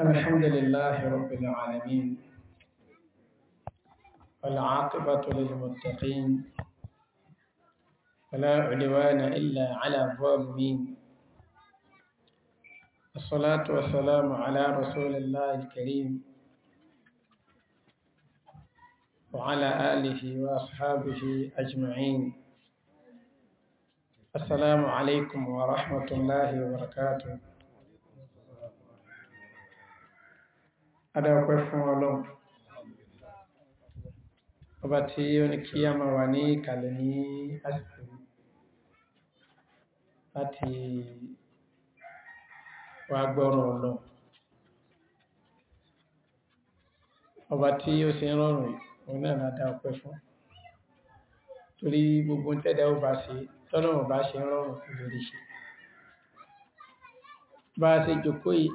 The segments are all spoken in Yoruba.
الحمد لله رب العالمين والعاقبة للمتقين ولا عدوان إلا على الظالمين الصلاة والسلام على رسول الله الكريم وعلى آله وأصحابه أجمعين السلام عليكم ورحمة الله وبركاته adáwọ̀pẹ́ fún ọlọ́run ọba tí ó ní kí a máa wà ní ìkàlẹ̀ ní àsìkò láti wá gbọ́rọ̀ ọlọ́run ọba tí ó sì ń rọrùn òun náà ládá ọpẹ́ fún torí gbogbo tẹ́dá ó bá ṣe tọ́lọ́run bá ṣe ń rọrùn lórí ṣe bá a ṣe jòkó yìí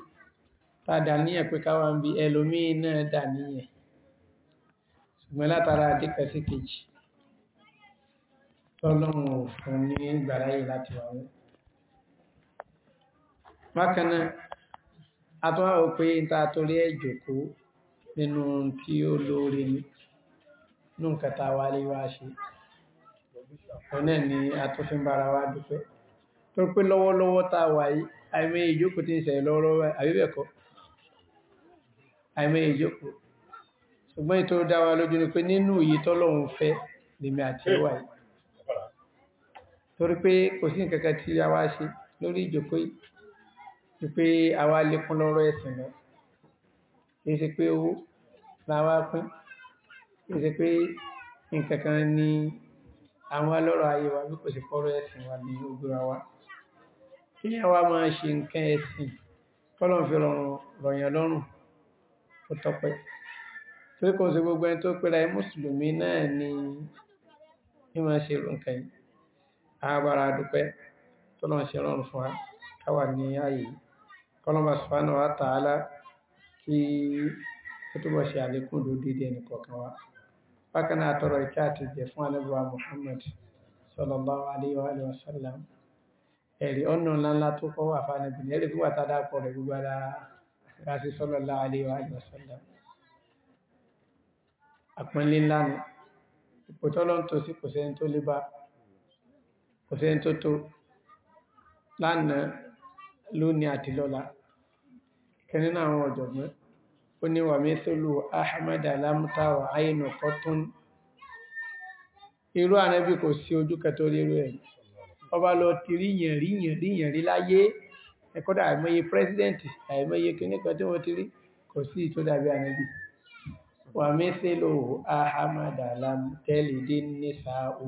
tá dà ní ẹ̀pẹ́ káwà ń bí ẹlòmíì náà dà níyẹn ṣùgbọ́n látara àdíkẹ́ sí kejì tọ́lọ́run ò fún ní gbàráyè láti wà wọ́n bákanáà àtọ́wà ò pé ta torí ẹ̀ jòkó nínú tí ó lóore ní nǹkan ta wá lé wá ṣe ọ̀nà ni a tó fi ń bára wá dúpẹ́ tó pé lọ́wọ́lọ́wọ́ ta wà yìí ìjókòó tí ń ṣẹlẹ̀ lọ́wọ́lọ́wọ́ àbíbẹ̀kọ́ àìmọye ìjókòó ṣùgbọ́n ètò dá wa lójú ni pé nínú iye tọ́lọ́run fẹ́ lèmi àti ẹwà yìí torí pé kò sí nǹkan kan tí a wá ṣe lórí ìjókòó yìí ju pé a wá lékún lọ́rọ̀ ẹ̀sìn lọ kìí pé owó la wá pín kìí pé nǹkan kan ni àwọn alọ́rọ̀ ayé wa bí kò ṣe pọ́rọ̀ ẹ̀sìn wa ní ogbèrà wa kí ni àwa máa ṣe nǹkan ẹ̀sìn tọ́lọ́run fi rọrùn rọ̀yàn lọ́rùn ó tọ́pẹ́ torí kò sí gbogbo ẹni tó pera ẹ mùsùlùmí náà ni ní máa ṣe irú nǹkan yìí àbára dúpẹ́ tọ́lọ́ ṣe rọrùn fún wa káwà ní ààyè kọ́lọ́mbà sùfánà wa tààlà kí ó túbọ̀ ṣe àlékún lódìdí ẹnì kọ̀ọ̀kan wa bákan náà tọrọ ìkẹ́ àti ìjẹ fún alẹ́bùwà Muhammad sallallahu alaihi wa alihi wa sallam ẹ̀rí ọ̀nà ńláńlá tó kọ́ wà fáwọn ẹbìnrin ẹ̀rí gbígbà tá a dáa pọ̀ rẹ̀ gbígbà dáa láti sallallahu alaihi wa sallam àpínlẹ̀ ńlánà ìpòtọ́lọ́ tó sí kò sẹ́ni tó lè bá kò sẹ́ni tó tó lánàá lónìí àti lọ́la kẹ́nínà àwọn ọ̀jọ̀gbọ́n ó ní wà mẹ́sọ́lù ahmad alamtawa ainu kọtún irú ànábì kò sí ojú kẹtọ́ lérú ẹ̀ ọba lọ ti ríyàn ríyàn ríyàn rí láyé kódà àìmọye president àìmọye kìíní kan tí wọ́n ti rí kò sí tó dàbí ànábì wà mẹ́sẹ̀lò ahamadalam tẹ́lìdé nísàáhù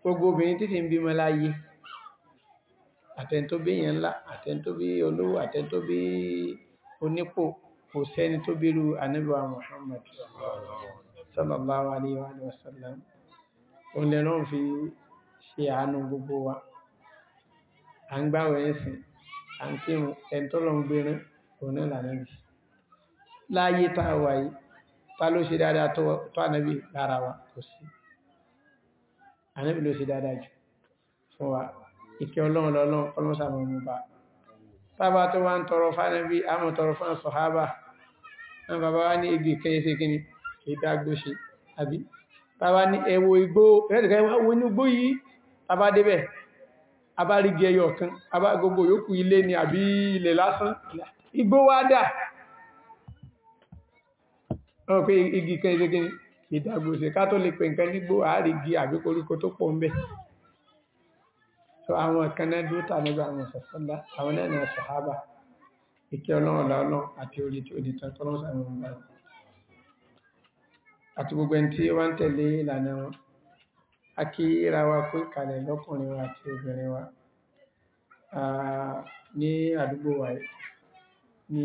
gbogbo obìnrin títí ń bímọ láyé àtẹ́ntó bí yẹn ńlá àtẹ́ntó bí olówó àtẹ́ntó bí onípò kò sẹ́ni tó bírú ànábì wa Muhammad sallallahu alaihi wa sallam òun lẹ́rán fi ṣe àánú gbogbo wa à ń gbáwẹ̀ ẹ̀sìn à ń kírun, ẹni tí Ọlọ́run gbé rán, òun náà ni Ànábì. Láyé tá a wà yìí, ta ló ṣe dáadáa tó Ànábì lára wa? Kò sí. Ànábì ló ṣe dáadáa jù fún wa. Ìkẹ́ Ọlọ́run lọ́lọ́run, Ọlọ́run sàmọ̀ mú bá. Tábà tó wá ń tọrọ fún Ànábì, a mọ̀ tọrọ fún ní ẹwọ igbó, ẹ̀rẹ́dẹ̀kẹ́ wọ́n ní igbó yìí, tábà débẹ̀, abárígi ẹyọ kan abá gbogbo yòókù ilé ni àbí ilẹ̀ lásán igbó wá dà wọ́n pé igi kan ṣe gíní ìdàgbòsè ká tó lè pè nǹkan nígbó àárígi àbí koríko tó pọ̀ ń so àwọn kan náà dúró tà nígbà àwọn sọ̀sọ́lá àwọn náà náà sàhábà ìkẹ́ ọlọ́run lọ́lọ́run àti orí tí ó di tán kọ́lọ́sàn àwọn A kí ra wa kú ìkàlẹ̀ lọ́kùnrin wa àti obìnrin wa, um ní àdúgbò wa yìí, ní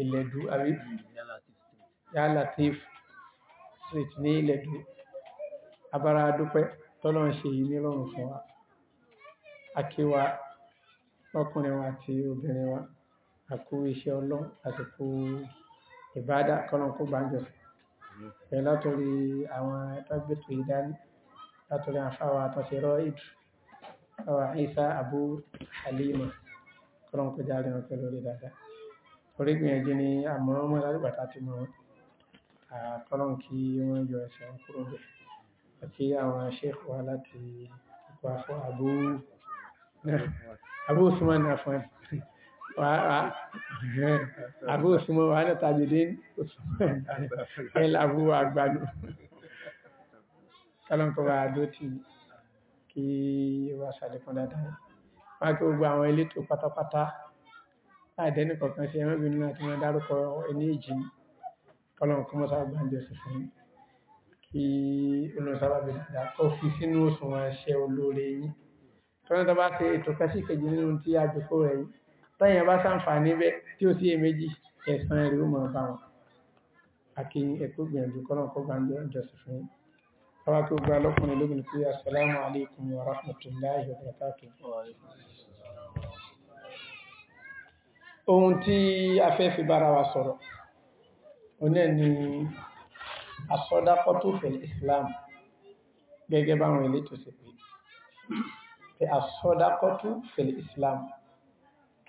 Ìlẹ̀dú àbí? Yáà Lateef street ní Ìlẹ̀dú. A bára wa dúpẹ́ t'Ọlọ́run ṣe èyí nírọ̀rùn fún wa. A kí wa lọ́kùnrin wa àti obìnrin wa, a kú iṣẹ́ Ọlọ́run, ìbádà, k'Ọlọ́run kó gbà á níjọsìn látọ̀rí àwọn tọ́gbé ìdání, látọ̀rí àfáwà àtọ́sẹ̀rọ̀ ìdù, àwà Isa Abu Halima, kọ́lọ́n jáde wọn pẹ̀lú orí dáadáa. Orí ni àmọ́ràn Abu Usman Afan àbú òsùnmọ́ wà náà tàbídé ẹlàbú àgbàdo kálọ́nkọ́ wà àdó tí kí wà sàlẹ̀kùn dáadáa wọ́n kí gbogbo àwọn elétò pátápátá àdẹ́nì kọ̀ọ̀kan sí ẹmọ́bìnrin náà tí wọ́n dárúkọ ẹni ìjì kọ́lọ̀nkọ́ mọ́sá gbàǹjẹ́ sí fún kí olùsábàbí dáadáa kó fi sínú òsùnwọ̀n ṣe olóore yìí tọ́lọ́tọ́ bá ṣe ètò kẹ́sìkejì nínú tí a jòkó rẹ̀ yìí tẹ́yìn bá sàǹfààní bẹ́ tí ó sí èméjì ẹ̀sán ẹ̀rí ó mọ̀ bá wọn àkí ẹ̀kọ́ gbìyànjú kọ́lọ̀kọ́ bá ń bẹ́ ọjọ́sì fún yín káwá tó gba lọ́kùnrin lóbìnrin pé assalamu alaikum wa rahmatullahi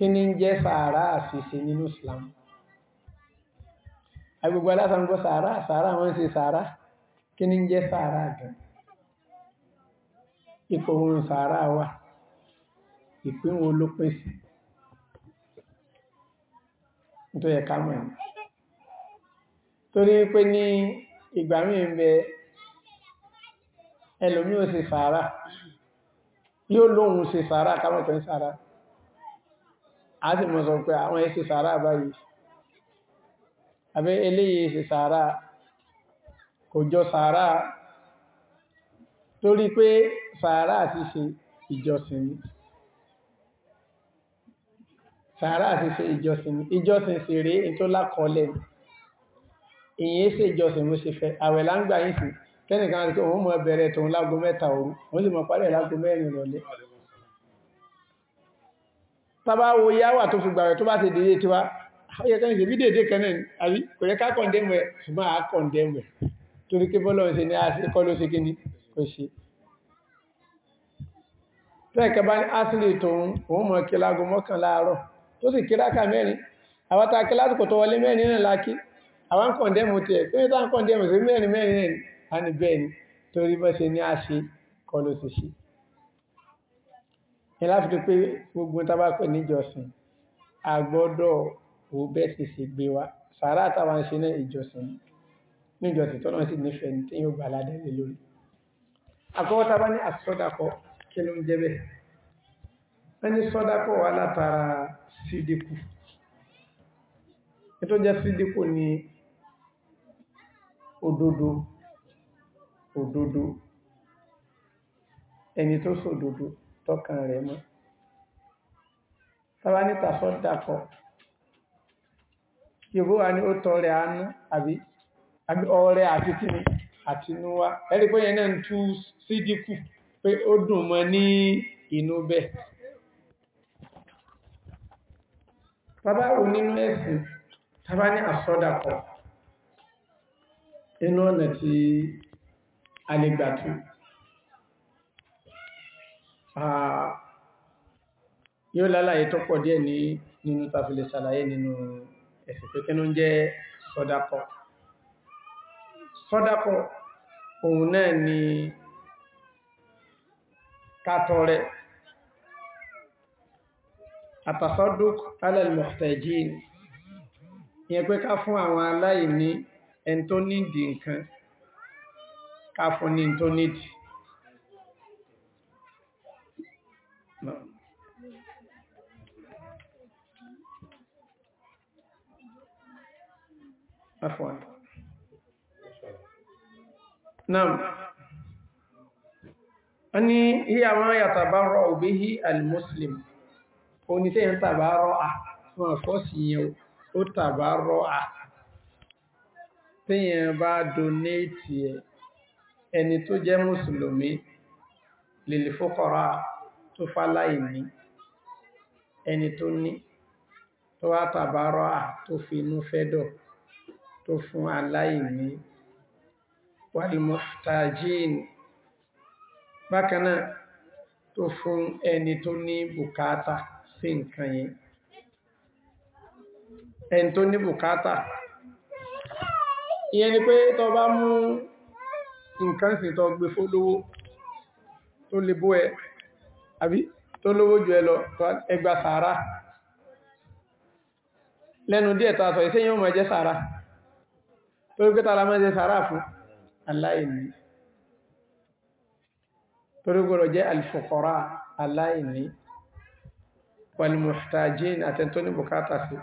kí ni ń jẹ́ sàárà àṣìṣe nínú Islam agbègbè aláṣàmúgbọ́ sàárà sàárà wọ́n ṣe sàárà kí ni ń jẹ́ sàárà gan ipò ohun sàárà wà ìpín wo ló pín sí tó yẹ ká mọ̀ torí pé ní ìgbà míì ń bẹ ẹlòmí ò ṣe sàárà yóò lóhun ṣe sàárà kámọ̀tọ̀ ń sàárà a sì mọ̀ sọ pé àwọn ẹsẹ̀ sàárà báyìí abẹ́ eléyìí ẹsẹ̀ sàárà kò jọ sàárà torí pé sàárà ti ṣe ìjọsìn ni sàárà ti ṣe ìjọsìn ni ìjọsìn sì rí ètò lákọọlẹ̀ ìyẹn ṣe ìjọsìn mo ṣe fẹ́ àwẹ̀ láńgbà yìí sí kẹ́nìkan àti òun mọ̀ bẹ̀rẹ̀ tòun lágo mẹ́ta òun mọ̀ parí lágo mẹ́rin ìrọ̀lẹ́ tàbá wo yáwà tó fi gbàrẹ̀ tó bá ṣe dédé tiwa yẹ kan ṣe bí dédé kan náà àbí kò yẹ ká kọ̀ndẹ́mù ṣùgbọ́n a kọ̀ndẹ́mù ẹ̀ torí pé bọ́lọ̀ ṣe ní àṣekọ́ ló kí ni kò ṣe tẹ́ẹ̀kẹ́ bá ní asìlè tòun òun mọ̀ kí láago mọ́kàn láàárọ̀ tó sì kí ráka mẹ́rin àwọn tá a kí lásìkò tó wọlé mẹ́rin náà lákí àwọn ni a ní bẹ́ẹ̀ ni torí bọ́ ṣe ní ní láti rí pé gbogbo tábà pẹ̀ níjọsìn a gbọ́dọ̀ wo bẹ́ẹ̀ sì sì gbé wa sàárà táwa ń ṣe náà ìjọsìn ní ìjọsìn tọ́nà sì nífẹ̀ẹ́ ní tí yóò gbà ládẹ́ lé lórí àkọ́kọ́ tábà ní àsọdàkọ kí ló ń jẹ́ bẹ́ẹ̀ wọ́n ní sọdàkọ wà látara sídìkù ètò jẹ́ sídìkù ní òdodo òdodo ẹni tó sòdodo tọ́kàn rẹ̀ mọ́ tọ́bá ní tàṣọ́ dàkọ́ yóò wà ní ó tọrẹ àánú àbí ọrẹ àti kíni àtinúwá ẹ̀rí pé yẹn náà ń tú sídìkù pé ó dùn mọ́ ní inú bẹ́ẹ̀ tọ́bá wò nínú ẹ̀sìn tọ́bá ní àsọ́dàkọ́ inú ọ̀nà tí a lè gbà tún yóò lálàyé tó pọ̀ díẹ̀ ní nínú tàfilẹ̀ ṣàlàyé nínú ẹ̀sìn pé kí ló ń jẹ́ sọ́dápọ̀ sọ́dápọ̀ òun náà ni kátọrẹ àtàsọ́dúk alẹ́lmọ̀tẹ̀jìn ìyẹn pé ká fún àwọn aláìní ẹni tó nídìí nǹkan ká fún ní tó nídìí afwan nam ani hiya ma yatabarra'u bihi almuslim oni se yan tabarra'a ma fo siyan o tabarra'a téèyàn bá donate ẹ̀ ẹni tó jẹ́ mùsùlùmí lèlè fókọ̀rá tó fáláì ní ẹni tó ní tó wá tàbárọ́ à tó fi tó fún aláìní walmuhtajin bákanáà tó fún ẹni tó ní bùkátà sí nǹkan yìí ẹni tó ní bùkátà ìyẹn ni pé tó bá mú nǹkan sí tó gbé fólówó tó lè bó ẹ àbí tó lówó jù ẹ lọ ẹgbà sàárà lẹ́nu díẹ̀ tààtọ̀ ìsẹ́yìn ó máa jẹ́ sàárà torí pé tààlà mẹ́jẹ sàárà fún aláìní torí gbọ́rọ̀ jẹ́ alfukọ́rá aláìní walmuhtajin àtẹ́ntó ní bukata sí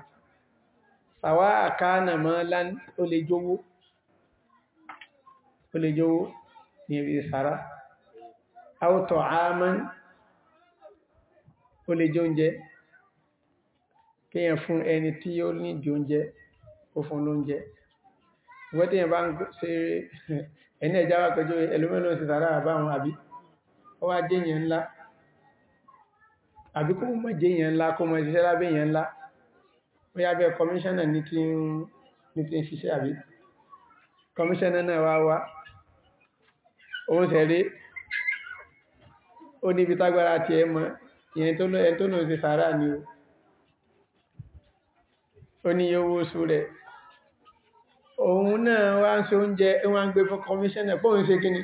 sàwá àkánà mọ́lán ó lè jówó ní ibi sàárà áwùtọ̀ àmán ó lè jẹ kíyàn fún ẹni tí ó ní jẹ ó fún lóúnjẹ wọ́n tí yẹn bá ń ṣe ẹni ẹja wà pẹ́jọ́ ẹlòmínú sí sàárà àbáwọn àbí ó wá jẹ́yàn ńlá àbí kó mọ́ jẹ́yàn ńlá kó mọ́ ṣiṣẹ́ lábẹ́yàn ńlá ó yá bẹ́ kọmíṣánà ní ti ń ṣiṣẹ́ àbí kọmíṣánà náà wá wá òun sẹ̀rí ó níbi tágbára ti ẹ mọ́ ìyẹn tó náà sí sàárà ni ó ní owó oṣù rẹ̀ òun náà wá ń ṣe oúnjẹ wá ń gbé fún kọmíṣẹ́nà pọ́ òun ṣe kíni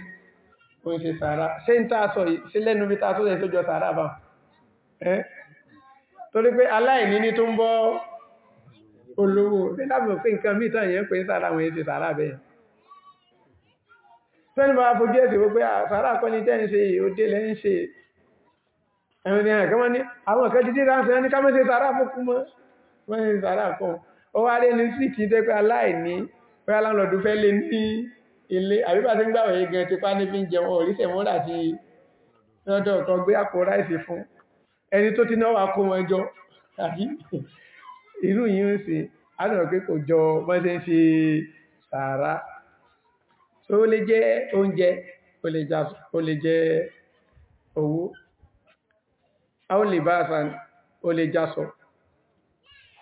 òun ṣe sàárà ṣe ń tàà sọ yìí sí lẹ́nu bí tàà sọ yẹ tó jọ sàárà bá ẹ́ torí pé aláìní ní tó ń bọ́ olówó bí lábùn pé nǹkan wọ́n ni tẹ́ ń ṣe yìí ó dé lẹ́ ń ṣe ẹ̀rùn ni àwọn kan ní àwọn kan sàárà kan ó wá lé ní sí kìí tẹ́ aláìní bóyá láńlọ́dún fẹ́ lé ní ilé àbíbà tí ń gbà wẹ̀yẹ gan ti pa ní fi ń jẹun òríṣẹ́ mọ́ láti lọ́dọ̀ kan gbé àpò ráìsì fún ẹni tó ti náwà kó wọn jọ àbí irú yìí ń ṣe ánàrà pé kò jọ wọ́n ṣe ń ṣe sàárá so ó lè jẹ́ oúnjẹ ó lè jẹ́ owó a ó lè bá àṣà ó lè jásọ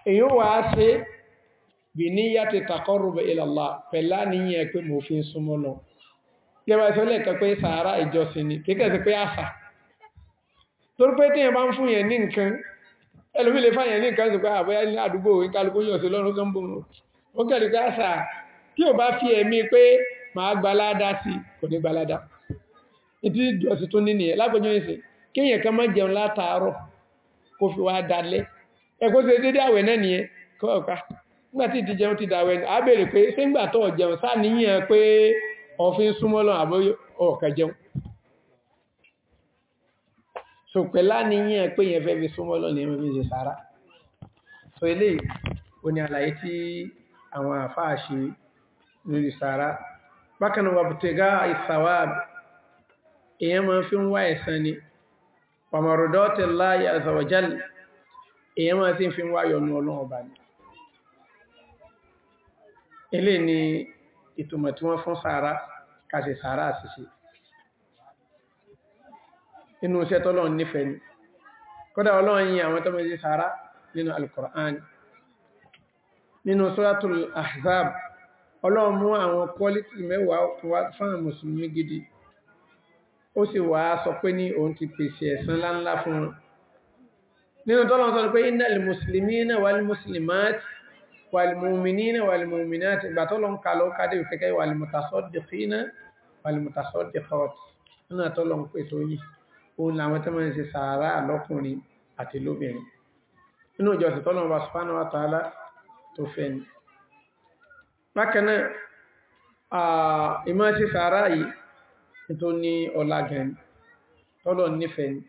èyí wà á ṣe bí níyà ti taqarrub ila Allah pẹ̀lá níyàn pé mo fi ń súnmọ́ lọ yẹba ìsọ́lẹ̀ kan pé sàárà ìjọsìn ni kíkẹ́ sí pé àṣà torí pé tíyàn bá ń fún yẹn ní nǹkan ẹlòmí lè fáyẹn ní nǹkan sí pé àbúyá ní àdúgbò ìkálukú yàn sí lọ́rùn kan bòrò ó kẹ́lù pé nígbàtí ti jẹun ti dàwẹ̀ ní àbẹ̀rẹ̀ pé sígbà tó jẹun sáníyàn pé ọ̀fin súnmọ́lọ́ àbọ́ ọ̀kẹ́ jẹun so pẹ̀lá níyàn pé yẹn fẹ́ fi súnmọ́lọ́ ní ẹmọ́ méjì sára so ilé o ni àlàyé tí àwọn àfáà lórí sára bákan èyàn máa fi ń ilé ni ìtumọ̀ tí wọ́n fún sàárá kàṣẹ sàárá àṣìṣe inú iṣẹ́ tọ́lọ́run nífẹ̀ẹ́ ni kódà ọlọ́run yìn àwọn tọ́mọ̀ sí sàárá nínú al-Qur'an nínú suratul ahzab ọlọ́run mú àwọn quality mẹ́wàá wá fún mùsùlùmí gidi ó sì wá sọ pé ní òun ti pèsè ẹ̀san láńlá fún wọn nínú tọ́lọ́run sọ pé innal muslimina wal muslimat والمؤمنين والمؤمنات باتولون قالوا كادي فكاي والمتصدقين والمتصدقات انا تولون بيتوني òun làwọn tó máa ń ṣe sàárà lọ́kùnrin àti lóbìnrin inú ìjọ ìsìtọ́lọ̀ wa subhanahu wa ta'ala tó fẹ́ ni bákanáà ìmá ṣe sàárà yìí tó ní ọlágẹn tọ́lọ̀ nífẹ̀ẹ́ ni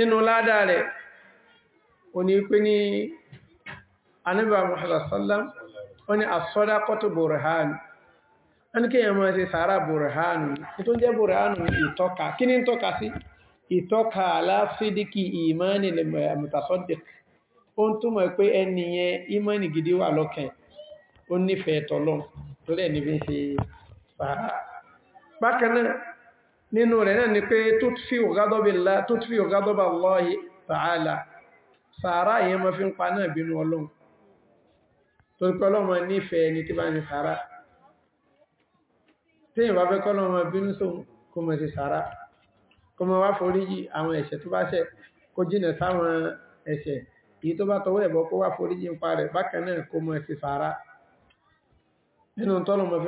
nínú ládàá rẹ̀ o ní pé ní anábà muhallasallam wọ́n ni asọ́dá kọ́tù burhan ẹni kí ẹmọ́ ṣe sàárà burhan tó jẹ́ burhan ìtọ́ka kí ní tọ́ka sí ìtọ́ka aláfídíkì ìmáni lè mutasaddiq ó ń túnmọ̀ pé ẹniyẹn ìmáni gidi wà lọ́kàn ó nífẹ̀ẹ́ tọ́lọ́n tó lẹ́ ní fi ń ṣe sàárà bákanáà nínú rẹ̀ náà ni pé ta'ala sàárà yẹn ma fi ń pa náà bínú torí pé ọlọ́mọ nífẹ̀ẹ́ ẹni tí bá ń sàárá tí ìwà fẹ́ kọ́lọ́mọ bínú sóhun kó mọ̀ sí sàárá kó mọ̀ wá foríjì àwọn ẹ̀ṣẹ̀ tó bá ṣẹ̀ kó jìnà sáwọn ẹ̀ṣẹ̀ èyí tó bá tọwọ́ ẹ̀bọ́ kó wá foríjì ń pa rẹ̀ bákan náà kó mọ̀ sí sàárá nínú tọ́lọ́mọ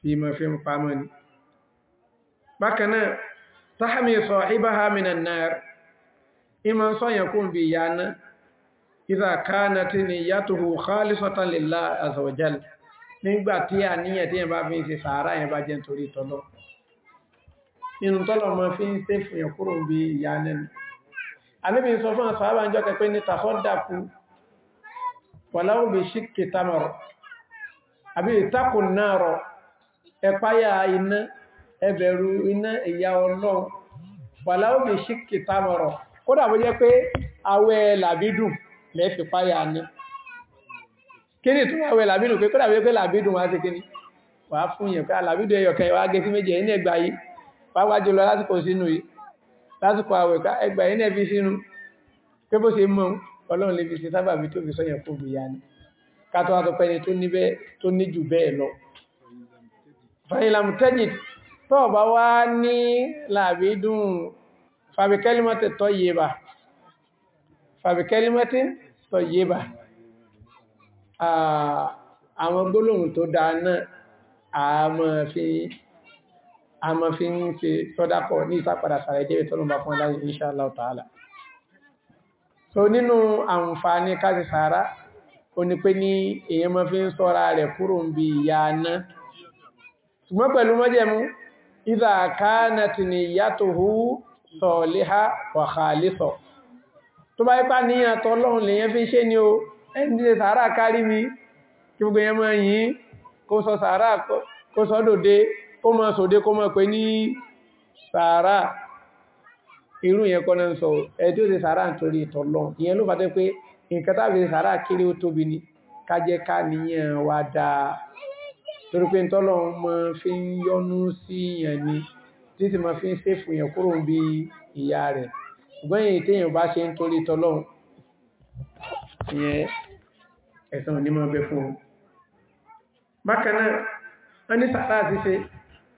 tí ìmọ̀ fi ìmọ̀ sọ́yẹ̀ kún bí yánà ìzà káàna tí ni yàtòhù khalisatan lillahi azza wa jal nígbà tí a níyẹ̀ tí yẹn bá fi ń ṣe sàárà yẹn bá jẹ́ torí tọ́lọ́ inú tọ́lọ̀ mọ́ fi ń ṣe fún ẹ̀kúrò bí yánà ni alẹ́bí sọ fún àṣàbà ń jọ wàláwò bí ṣíkì tamarọ̀ àbí kódà bó jẹ́ pé àwẹ̀ làbídùn lẹ́fi páyà ní kíni tún àwẹ̀ làbídùn pé kódà bó jẹ́ pé làbídùn wá sí kíni wà fún yẹn pé làbídùn ẹyọkẹ wá gẹ́ sí méjì ẹ̀yìn ẹgbà yìí pàápàá jùlọ lásìkò sínú yìí lásìkò àwẹ̀ ni kátó wá tó pẹ́ni tó ní jù bẹ́ẹ̀ lọ fàyìnlàmù tẹ́jì tọ́ọ̀bá wá fàbíkẹ́límọ́tì tọ́ yé bá fàbíkẹ́límọ́tì tọ́ yé bá àwọn gbólóhùn tó dáa náà a mọ́ fi ń ṣe sọ́dápọ̀ ní ìsápadà sàrẹ̀ jẹ́ ìtọ́lọ́mbà fún aláyé insha Allah ta'ala so nínú àǹfààní káti sàárá o ní pé ní èyàn mọ́ fi ń sọ́ra rẹ̀ kúrò ń bí ìyá aná ṣùgbọ́n pẹ̀lú mọ́jẹ̀mú ìdàkánàtì ni ìyàtò hù sọ̀ọ̀léhá wàhálẹ́sọ̀ tó bá ipá ní àtọ́ ọlọ́run lèyàn fi ń ṣe ni o ẹni ṣe sàárà kárí mi kí gbogbo yẹn mọ́ yìí kó sọ sàárà kó sọ dòde kó mọ́ sòde kó mọ́ pé ní sàárà irú yẹn kọ́nà ń sọ ẹ̀dí ó ṣe sàárà nítorí ìtọ̀lọ́run ìyẹn ló fàtẹ́ pé nǹkan tábí sàárà kéré ó tóbi ni kájẹ́ ká níyàn wá dáa torí pé ìtọ̀lọ́run mọ́ fi ń yọnú sí yẹn ni tí sì máa fi ń sèfù yẹn kúrò bí ìyá rẹ̀ ṣùgbọ́n èyí téèyàn bá ṣe ń torí tọlọ́run ìyẹn ẹ̀san ní máa bẹ fún ọ bákan náà wọ́n ní sàárà ṣíṣe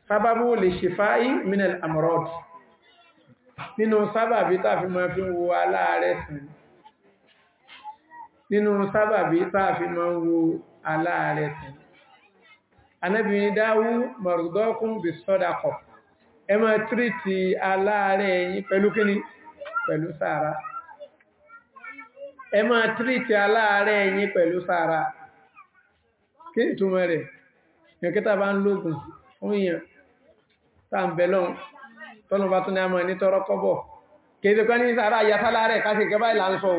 sábábú lè ṣe fáyí minel amurod nínú sábàbí tààfi máa fi ń wo aláàrẹ̀ sàn nínú sábàbí tààfi máa ń wo aláàrẹ̀ sàn anábìnrin dáwú mọ̀rùdọ́kún bí sọ́dakọ̀ ẹ máa tírìtì aláàárẹ̀ yín pẹ̀lú kíní pẹ̀lú sàárà ẹ máa tírìtì aláàárẹ̀ yín pẹ̀lú sàárà kí ìtumọ̀ rẹ̀ ẹ̀kẹta bá ń lógun fún èèyàn tá ń bẹ̀lọ́n tọ́nà bá tún ní àmọ́ ní tọ́rọ kọ́bọ̀ kéde pẹ́ ní sàárà yàtálárẹ̀ káṣẹ̀kẹ́ báyìí là ń sọ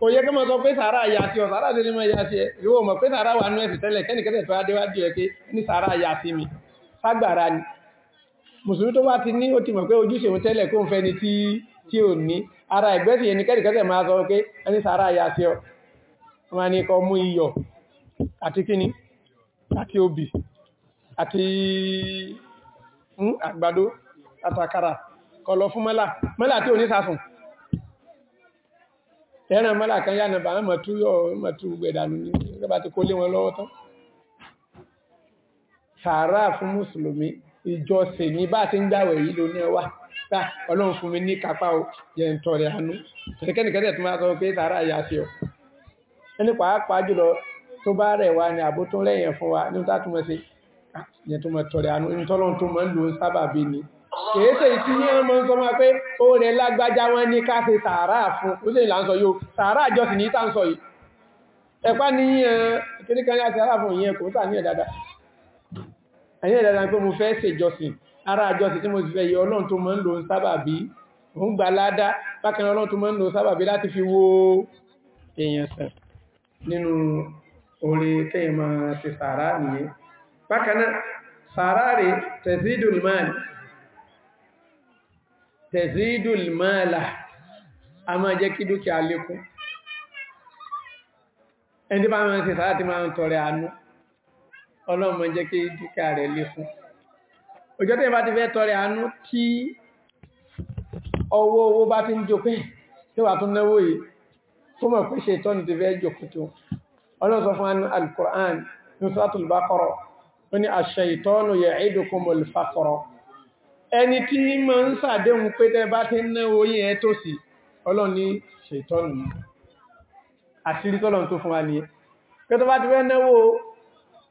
kò yẹ kí mọ́ sọ pé sàárà yàtí ọ̀ sàárà sílé mọ́ yàtí ẹ̀ ìwò mọ̀ pé sàárà wà ní ẹ̀sì tẹ́lẹ̀ kẹ́nìkẹ́tẹ̀ tó adéwájú ẹ̀ pé ní sàárà yàtí mi ságbàrá ni mùsùlùmí tó bá ti ní ó ti mọ̀ pé ojúṣe òun tẹ́lẹ̀ kó ń fẹ́ ni tí ò ní ara ìgbẹ́sì yẹn ni kẹ́nìkẹ́tẹ̀ máa sọ pé ní sàárà yàtí ọ wọn ni kọ mú iyọ̀ àti kíni àti obì àti hmm, àgbàdo àtàkàrà kọlọ fún mọ́là mọ́là tí ò ní sásùn ẹran mọ́là kan yá nàbà mọ̀ tú yọ mọ̀ tú gbẹ̀dànù ní ọgbà tí kó lé wọn lọ́wọ́ tán sàárà fún mùsùlùmí ìjọsìn ní bá ti ń gbàwẹ̀ yìí ló ní ẹwà tá ọlọ́run fún mi ní kápá o yẹ ń tọrẹ àánú kẹ́nìkẹ́nì tó máa sọ pé ni kìí ṣe ìtí ní ẹmọ ń sọ máa pé ó rẹ lágbájá wọn ní ká ṣe sàárà fún oṣù ìlà ń sọ yóò sàárà jọ sí ní tàǹsọ yìí ẹ̀pá ní kíníkan láti sàárà fún ìyẹn kò tà ní ẹ̀dàdà ẹ̀yìn ẹ̀dàdà pé mo fẹ́ ṣe jọsìn ara jọsìn tí mo ti fẹ́ yẹ tẹ̀sídùl mọ́lá a máa jẹ́ kí dúkìá lékún ẹni tí bá máa ń ṣe sáà tí máa ń tọrẹ àánú ọlọ́run máa jẹ́ kí dúkìá rẹ̀ lékún òjò tẹ́ bá ti fẹ́ tọrẹ àánú tí ọwọ́ owó bá ti ń jòpẹ́ tí wà tún náwó yìí tó mọ̀ pé ẹni tí ma ń sàdéhun pé tẹ́ bá ti ná oyin ẹ tó sí ọlọ́run ní ṣètọ́nù àṣírí tọ́lọ́run tó fún wa nìyẹn pé tó bá ti fẹ́ náwó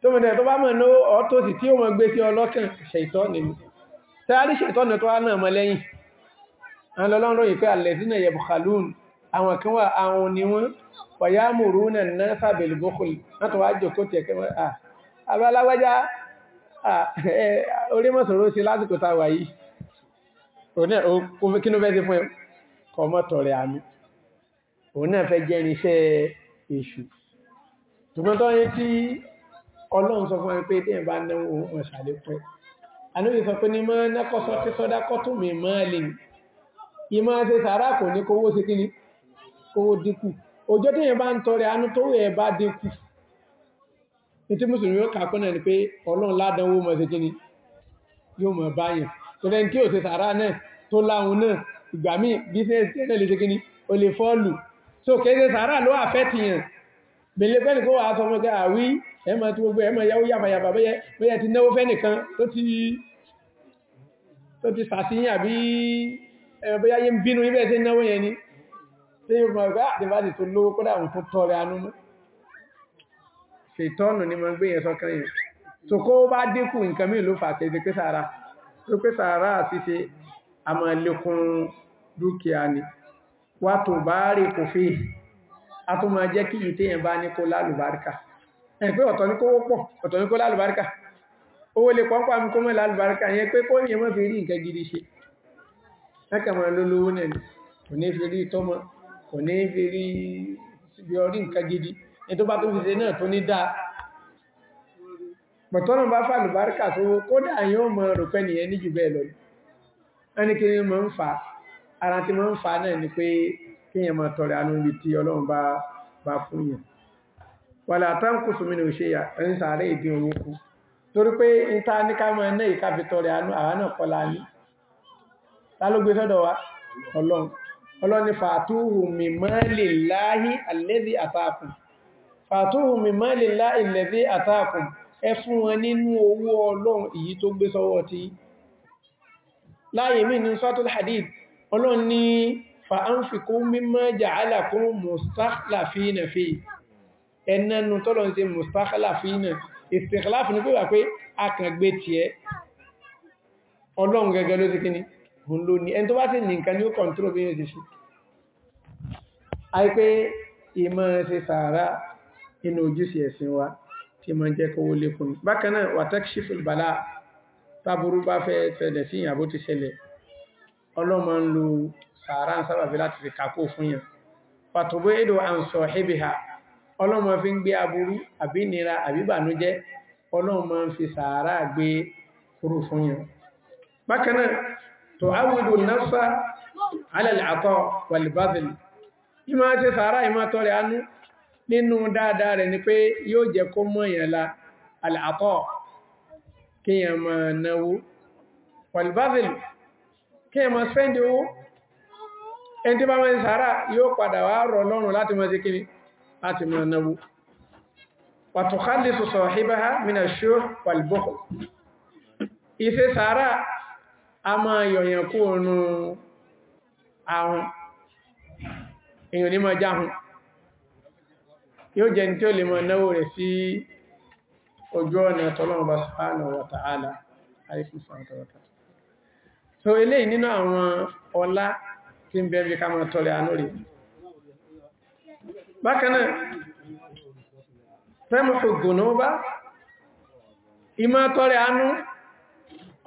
tó mẹ́tẹ̀ tó bá mọ̀ náwó ọ̀tọ́sì tí ó mọ̀ gbé sí ọlọ́kàn ṣètọ́nù tẹ́rí ṣètọ́nù tó wá náà mọ́ lẹ́yìn ọlọ́run ròyìn pé orí mọ́sọ̀rọ̀ sí lásìkò táwà yìí kí ló fẹ́ sí fún ẹ kọmọ́tọ̀ rẹ̀ àmì òun náà fẹ́ jẹ́ irinṣẹ́ èṣù ṣùgbọ́n tó yẹ tí ọlọ́run sọ fún ẹ pé dẹ́yìn tí sọ́dá mi mọ́ lè ìmọ̀ ṣe sàárà kò ní kówó sí kíní kówó dínkù òjò tẹ́yìn bá ń tọrẹ àánú tó rẹ̀ bá dínkù ní tí mùsùlùmí ó kà náà ni pé ọlọ́run ládánwó mọ́ sí kíní yóò mọ̀ báyìí tó fẹ́ kí o ṣe sàárà náà tó láhun náà ìgbà míì bísínẹ́sì náà lè ṣe kí ni o lè fọ́ọ̀lù so kẹ́sẹ̀ sàárà ló àfẹ́ ti yàn bèlè pẹ́ni kó wà sọ fún ọgá àwí ẹmọ tí gbogbo ẹmọ yàwó yàmàyàmà bẹ́yẹ ti náwó fẹ́nìkan tó ti sàṣíyàn àbí ẹmọ bẹ́yà yí ń bínú ibẹ̀ sí náwó yẹn ni ah, tí yóò mọ̀ ọgá àdìbàdì tó lówó kódà àwọn tó tọrẹ anú ṣètọ́nù ni mo gbé yẹn sọ́kàn yẹn so kó bá dínkù nǹkan mí ló fà kí ẹsẹ̀ pé sàárà tó pé sàárà ṣíṣe a máa lékún dúkìá ni wà tó bá rí kò fi a tó máa jẹ́ kí ìtẹ́yẹn bá ní kó lálùbáríkà ẹ̀ pé ọ̀tọ̀ ní kó wọ́pọ̀ ọ̀tọ̀ ní lálùbáríkà owó lè pọ́npá mi kó mọ́ lálùbáríkà yẹn pé kó yẹn mọ́ fi rí nǹkan gidi ṣe mẹ́kànmọ́ pọ̀tọ́nà bá fà lùbáríkà sówó kódà yóò mọ̀ rò pé nìyẹn ní jù bẹ́ẹ̀ lọ ẹni kí ni mọ̀ ń fa ara tí mọ̀ ń fa náà ni pé kíyàn máa tọrẹ àánú ibi tí ọlọ́run bá bá fún yàn wà látàn kù súnmí ni ò ṣe ń sàárẹ̀ ìdí owó kú torí pé mi mọ́lẹ̀ láhí àlẹ́dí àtàkùn àtàkùn ẹ fún wọn nínú owó ọlọ́run èyí tó gbé sọ́wọ́ ti láyé mí ní sọ́tọ̀lá hadith ọlọ́run ní fa'ánfikú mímọ́ jàálà fún mustakhlafina fi ẹnẹ́nu tọ́lọ̀ ń ṣe mustakhlafina istikhlaf ní pẹ́wà pé akàgbé tí ẹ ọlọ́run gẹ́gẹ́ ló ti àìpé ìmọ̀ ṣe sàárá inú ojúṣe ẹ̀sìn wa tí ma ń jẹ́ kówó lékún bákan náà wàtákṣífù bàlá táburú bá fẹ́ ṣẹlẹ̀ sí ìyàbó ti ṣẹlẹ̀ ọlọ́mọ ń lo sàárá ń sábàbí láti fi kàkó fún yàn pàtàkì èdò à ń sọ hébìhà ọlọ́mọ fi ń gbé aburú àbí nira ọlọ́mọ ń fi sàárá gbé kúrò fún yàn bákan tó áwùdù nafsa alẹ́lẹ́ àtọ́ wàlìbázìlì nínú dáadáa rẹ̀ ni pé yóò jẹ́ kó mọ̀ èèyàn la àlàtọ̀ kéèyàn máa náwó pọ̀lìbázìlì kéèyàn máa spẹ́ndì owó ẹni tí bá mọ́ sàárà yóò padà wá rọ̀ lọ́rùn láti mọ́ sí kíní láti mọ́ náwó wàtùkálìsù yóò jẹ́ tí ó lè mọ̀ náwó rẹ̀ sí ojú ọ̀nà tọ́lọ́run bá subhanahu wa ta'ala àríkùn sàntọ́wọ́ta so eléyìí nínú àwọn ọlá tí ń bẹ̀rẹ̀ ká máa tọrẹ àánú rẹ̀ bákanáà fẹ́mọ̀kù gùnúbá ìmọ̀ tọrẹ àánú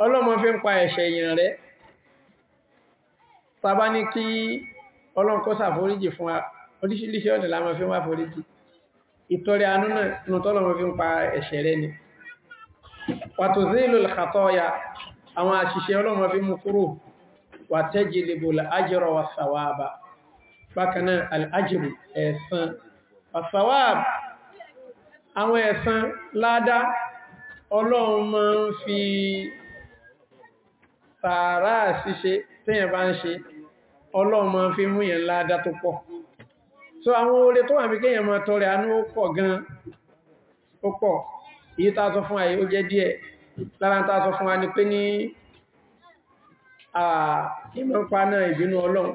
ọlọ́mọ fi ń pa ẹ̀ṣẹ̀ ní kí ọ̀nà la máa fi wá foríjì ìtọrẹ àánú náà nù tọ́lọ̀wọ́ fi ń pa ẹ̀ṣẹ̀ rẹ ni wàtò zílù l'àtọ́ya àwọn àṣìṣe ọlọ́wọ́ fi mú kúrò wà tẹ́jìlìbò l'ájírọ̀ wà sàwábà bákaná al'ájírù ẹ̀san wà sàwábà àwọn ẹ̀san ládá ọlọ́run so àwọn oore tó wà ní kéèyàn máa tọrẹ àánú ó pọ̀ gan ó pọ̀ èyí tá sọ fún àyè ó jẹ́ díẹ̀ lára tá sọ fún wa ni pé ní ìmọ̀pá náà ìbínú ọlọ́run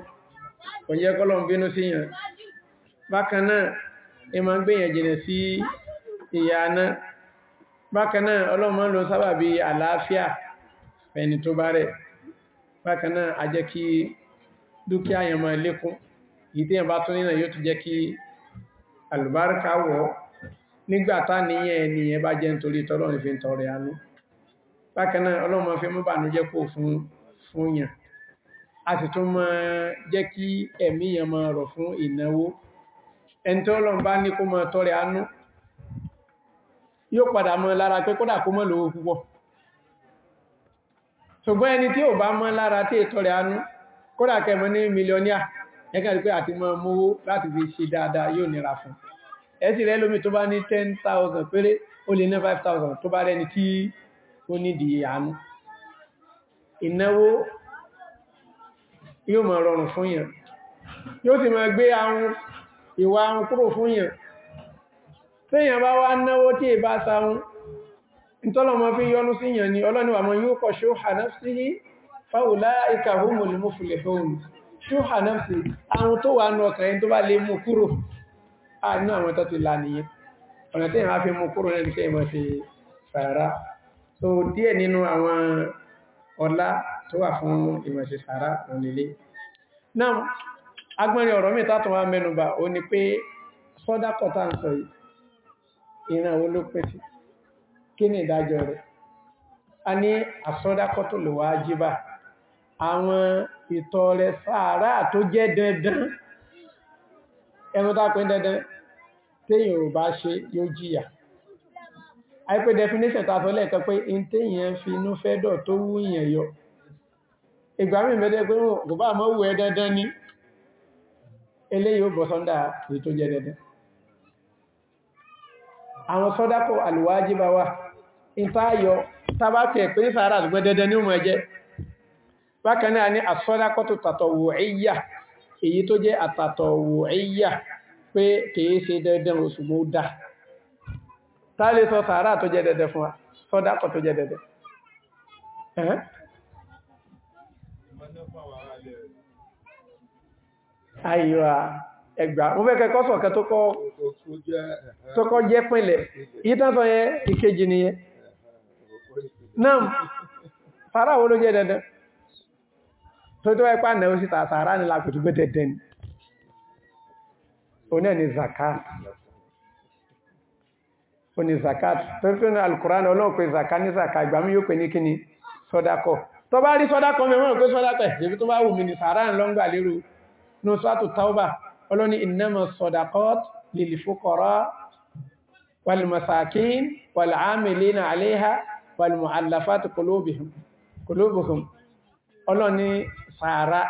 kò jẹ́ kọ́lọ́run bínú síyàn bákan náà ẹ máa ń gbèyàn jìnà sí ìyà náà bákan náà ọlọ́run máa ń a jẹ́ kí dúkìá lékún ìtẹ́yàn bá tún nínà yóò tún jẹ́ kí alùbáríkà wọ̀ nígbàtá níyẹn ènìyàn bá jẹ́ nítorí tọ́lọ́run fi ń tọrẹ àánú bákanáà ọlọ́run máa fi mú bànújẹ́ kò fún fún yàn a sì tún máa jẹ́ kí ẹ̀mí yàn máa rọ̀ fún ìnáwó ẹni tí ọlọ́run bá ní kó máa tọrẹ àánú yóò padà mọ́ lára pé kódà kó mọ́ lówó púpọ̀ ṣùgbọ́n ẹni tí ò bá mọ́ lára tí ètọrẹ àánú kódà kẹmọ́ ní mílíọ̀níà ẹgbẹ́ rí pé àti mọ́ mówó láti fi ṣe dáadáa yóò nira fún ẹ̀sì rẹ̀ lómi tó bá ní 10,000 péré ó lè ní 5,000 tó bá rẹni tí ó nídìí àánú ìnáwó yóò máa rọrùn fún yàn yóò sì máa gbé àrùn ìwà àrùn kúrò fún yàn téèyàn bá wá náwó tí ì bá sáhún ìtọ́lọ̀mọ́ fi yọnú sí yàn ni ọlọ́niwàmọ́ yóò kọ̀ ṣó hànáfsíhí fáwùlá ìkàhùn mọ̀lùmọ́fùlẹ̀ fóòmù ṣúhà náà sí àwọn tó wà ní ọkàn yẹn tó bá lè mú kúrò àánú àwọn tó ti là nìyẹn ọ̀nà tí ìwọ́n fi mú kúrò náà nìkẹ́ ìmọ̀ fi sàárá so díẹ̀ nínú àwọn ọlá tó wà fún ìmọ̀ sí sàárá onílé náà agbọ́nrin ọ̀rọ̀ mìta tó wá mẹ́nubà ó ní pé sọ́dákọ̀tà ń sọ yìí ìran olópẹ́sì kí ni tó lè wá jíbà àwọn ìtọrẹ sàárà tó jẹ́ dandan ẹnu tá a pè dandan téèyàn ò bá ṣe yóò jìyà àìpé definition tá a sọ lẹ́ẹ̀kan pé n téèyàn fi inú fẹ́ dọ̀ tó wú yẹn yọ ìgbà míì mẹ́tẹ́ pé kò bá mọ́ wù ẹ́ dandan ni eléyìí ó bọ̀ sọ́ndà èyí tó jẹ́ dandan àwọn sọ́dákọ̀ àlùwájíbá wà ń tá a yọ tá pé sàárà tó dandan ní òun ẹ̀jẹ̀ bákan náà ní àsọ́dákọ́tù tàtọ̀wòíyà èyí tó jẹ́ àtàtọ̀wòíyà pé kìí ṣe dandan oṣù mú dá tá sọ sàárà tó jẹ́ dandan fún wa sọ́dákọ̀ tó jẹ́ dandan àìyíwá wo ló jẹ́ dandan tó tó wẹ́pá náà síta sàárá ní lápẹ̀tù gbé dẹ̀dẹ̀n oní ẹni zakat oní zakat tó tó ní alukùránà ọlọ́run pé zakat ní zakat ìgbàmí yóò pè ní kíni sọ́dákọ̀ tó bá rí sọ́dákọ̀ mẹ́rún pé sọ́dákọ̀ ẹ̀bí tó bá wù ọlọ́ni sàárà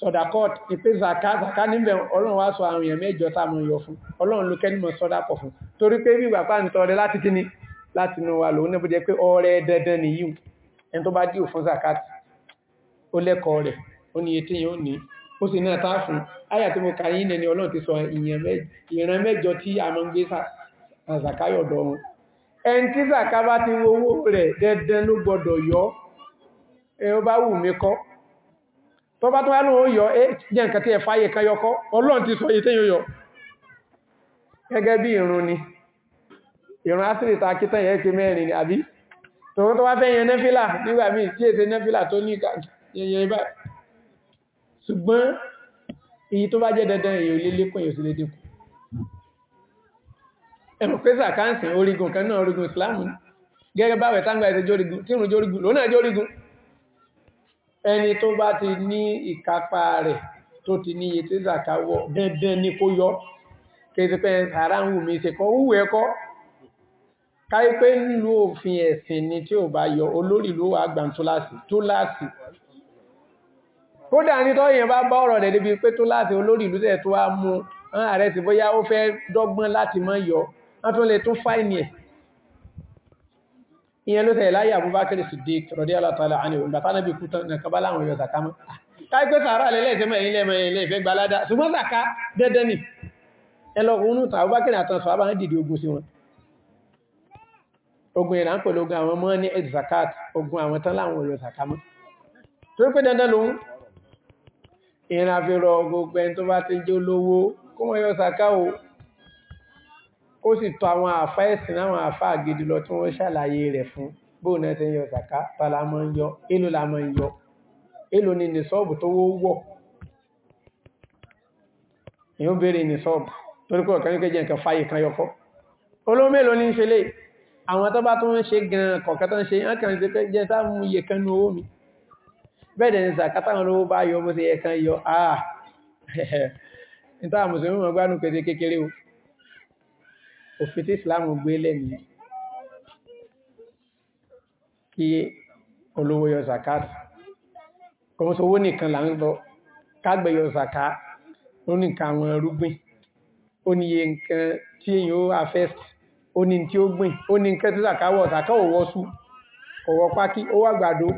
sọdakọt ní pé zaka zaka níbẹ̀ ọlọ́run wá sọ àwọn èèyàn mẹ́jọ táàmù yọ fún ọlọ́run ló kẹ́nìmọ̀ sọdakọ̀ fún torí pé bí bàbá ń tọrẹ láti kíní láti inú wa lòun nẹ́bùdẹ́ pé ọrẹ dandan nìyí ẹni tó bá díò fún zakat ó lẹ́kọ̀ọ́ rẹ̀ ó ní wù mí kọ́ tó bá tó wá lóòó yọ jẹ́ nǹkan tí ẹ fáyẹ kan yọkọ́ ọlọ́run ti sọ èyí tí yọ gẹ́gẹ́ bí ìrun ni ìrun asìrì ta kí tán mẹ́rin ni àbí tó tó wá fẹ́yẹn nẹ́fílà nígbà míì tí èsẹ nẹ́fílà tó ní yẹnyẹn bá ṣùgbọ́n èyí tó bá jẹ́ dandan èyí ò lé lékún èyí ò sì lé dínkù ẹ̀mọ̀ pé sàkáǹsì orígun kan náà orígun ẹni tó bá ti ní ìkápá rẹ̀ tó ti ní iye tí zaka wọ ni kó yọ kẹsìpẹ́ sàárà ń wù ṣe kọ́ wù ẹ̀kọ́ káyí pé nílò òfin ẹ̀sìn ni tí ò bá yọ olórí ló wà gbà túláàsì túláàsì kódà ní tọ́yìn bá bá ọ̀rọ̀ rẹ̀ débi pé túláàsì olórí ìlú tẹ̀ tó wá mú ààrẹ ti bóyá ó fẹ́ dọ́gbọ́n láti mọ́ yọ wọ́n tún lè tún fáìní ẹ̀ ìyẹn ló tẹ̀lá yà Abubakar Siddiq radiyallahu ta'ala anhu ìgbà tánà bí kútọ̀ nà kọba láwọn yọ zaka mọ́ káìpẹ́ sàárà lẹ́lẹ́sẹ̀mọ̀ ilẹ̀ ẹ̀mọ̀ ilẹ̀ ìfẹ́ gbalada ṣùgbọ́n zaka dẹ́dẹ́ ni ẹlọ́gunú tà Abubakar àtàn sọ́bà ń dìde ogun sí wọn ogun ìrà ń pẹ̀lú ogun àwọn mọ́ ní ed zakat ogun àwọn tán láwọn yọ zaka mọ́ torí pé dandan lòun ìrìn àfihàn gbogbo ẹni tó bá ó sì tọ àwọn àfá ẹ̀sìn láwọn àfá àgidi lọ tí wọ́n ṣàlàyé rẹ̀ fún bóò náà ń yọ sàká tàlà mọ́ ń yọ èlò la mọ́ ń yọ èlò ni nìsọ́ọ̀bù tó wó wọ̀ èyàn béèrè nìsọ́ọ̀bù torí pé ọ̀kan jẹ́ nǹkan fáyé kan yọkọ́ olómèlò ní ṣe lè àwọn tó bá tó ń ṣe gan kọ̀ọ̀kan tó ń ṣe yán kàn sí pé jẹ́ sáàmù iye kan ní owó mi bẹ́ẹ̀dẹ̀ òfin tí Islam gbé lẹ́ni kí olówó yọ zakat kọmọsowó nìkan là ń lọ kágbẹ̀ yọ zaka ó ní nǹkan àwọn irúgbìn ó ní iye nǹkan tí èyàn ó harvest ó ní tí ó gbìn ó ní nǹkan tí zaka wọ̀ zaka ò wọ́sù kò wọ pákí ó wà gbàdó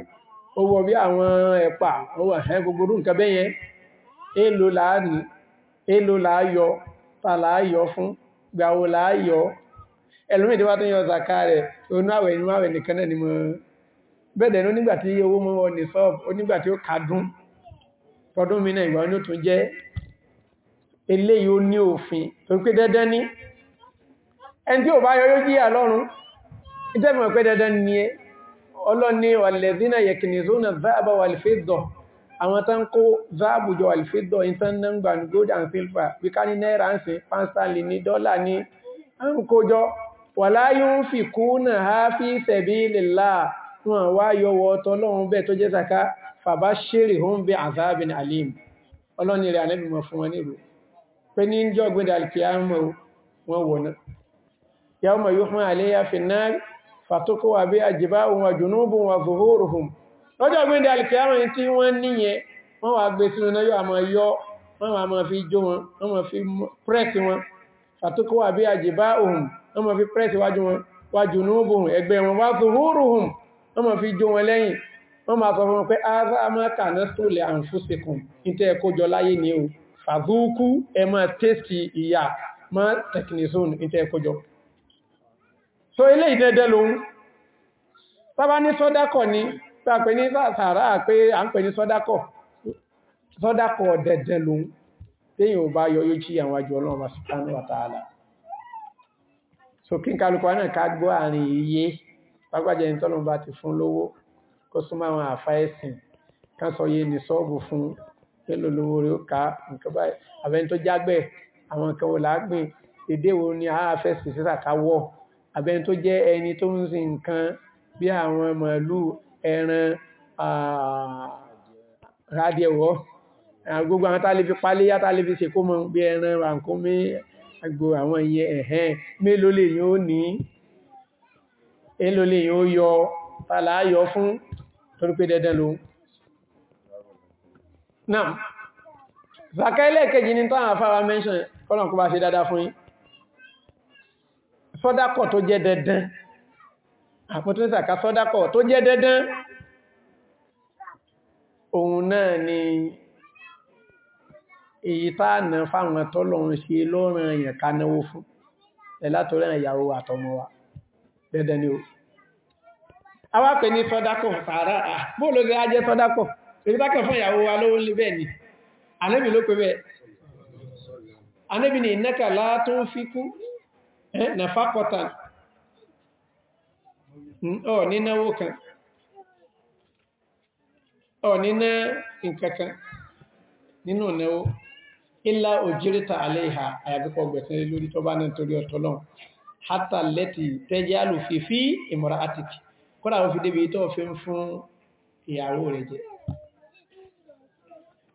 ó wọ bí àwọn ẹ̀pà ó wà ẹ́ gbogbo orú nǹkan bẹ́yẹn èèlò là á ní èèlò yọ ta là yọ fún gbàwó láàyọ́ ẹlòmíì tí wá tó ń yọ zaka rẹ̀ onú àwẹ̀ inú àwẹ̀ nìkan náà ni mo bẹ́ẹ̀dẹ̀ ní onígbà tí owó mọ́ wọ ní sọ́ọ̀bù onígbà tí ó kàdún tọdún mi náà ìgbà ní ó tún jẹ́ eléyìí ó ní òfin tó pé dandan ní ẹni tí ò bá yọ yóò jíyà lọ́run ìtẹ́fìmọ̀ pé dandan ní ẹ ọlọ́ni wàlẹ̀zínà àwọn tán kó záàbù jọ àlìfẹ́dọ̀ ìtànnàgbà ní gold and silver bí ká ní náírà ń sin pánstálì ní dọ́là ní à ń kójọ wà láyé ń fi kú náà ha fi tẹ̀bí lèlá wọn wá yọwọ́ tọ́lọ́run bẹ́ẹ̀ tó jẹ́ sàká fàbá ṣèrè hún bí àzáàbìn alim ọlọ́ni rẹ̀ fún wọn nílùú pé ní jọ gbẹ́dà lọ́jọ́ gbẹ́ndẹ̀ alìkìyàmọ̀ tí wọ́n níyẹn wọ́n wà gbé sínú náà yóò àmọ́ yọ́ wọ́n wà máa fi jó wọn wọ́n máa fi pírẹ́sì wọn fàtókò wà bí àjìbá ohun wọ́n máa fi pírẹ́sì wájú wọn wájú núbùhùn ẹgbẹ́ wọn wá zuhuruhum wọ́n ara máa kàná sólẹ̀ àǹfúsìkùn níta ẹ̀kọ́ jọ láyé ni o fàzúkú ẹ máa tẹ́sì so ilé ìdẹ́dẹ́ lòun sábà ní sọ́dákọ̀ tàpẹ ní sàárà pé à ń pè ní sọ́dákọ̀ sọ́dákọ̀ dẹ̀dẹ̀ lòun téyìn ò bá yọ yóò jí àwọn àjò ọlọ́run bá sùpánù àtààlà so kí n kálukọ náà ká gbọ́ àrin iye pápájẹ́ ní tọ́lọ́run bá ti fún lówó kó súnmọ́ àwọn àfá ẹ̀sìn ni a fẹ́ sì bí àwọn màálù ẹran adìẹwọ́ gbogbo àwọn tàà lè fi paléyá tàà lè fi ṣe kó mọ́ bí ẹran ràǹkúnmí àgbò àwọn ìyẹn ẹ̀hẹ́n mélòó lè yíó ní èlò lè yíó yọ tààlà yọ fún torí pé dandan ló náà zaka ẹlẹ́ẹ̀kejì ní tàà àfára mention kọ́nà kó bá ṣe dáadáa fún yín sọ́dákọ̀ tó jẹ́ dandan àpótún zaka sọ́dápọ̀ tó jẹ́ dandan òun náà ni èyí táànà fáwọn tọ́lọ̀run ṣe lọ́rùn èèyàn kánáwó fún ẹ̀látọ̀rẹ́ ìyàwó àtọmọ wa dandan ni o awá pè ní sọ́dápọ̀ sàárà bóòlò sí ajẹ́ sọ́dápọ̀ èyí tákẹ̀ fún ìyàwó wa lówó lé bẹ́ẹ̀ ni ànábì ló pè bẹ́ẹ̀ ànábì ni ìnẹ́kà látún fíkú nàfàkọ̀tàn ọ̀ nínáwó kan ọ̀ níná nkankan nínú ìnáwó ilá òjírítà aléìhà àyàbíkọ gbẹ̀sẹ̀ lórí tọ́bá náà torí ọ̀tọ́lọ́n hátà lẹ́tì tẹ́jẹ́ alùfí fí ìmọ̀ra àtìkì kọ́nà àwọn fi débi tó fi ń fún ìyàwó rẹ̀ jẹ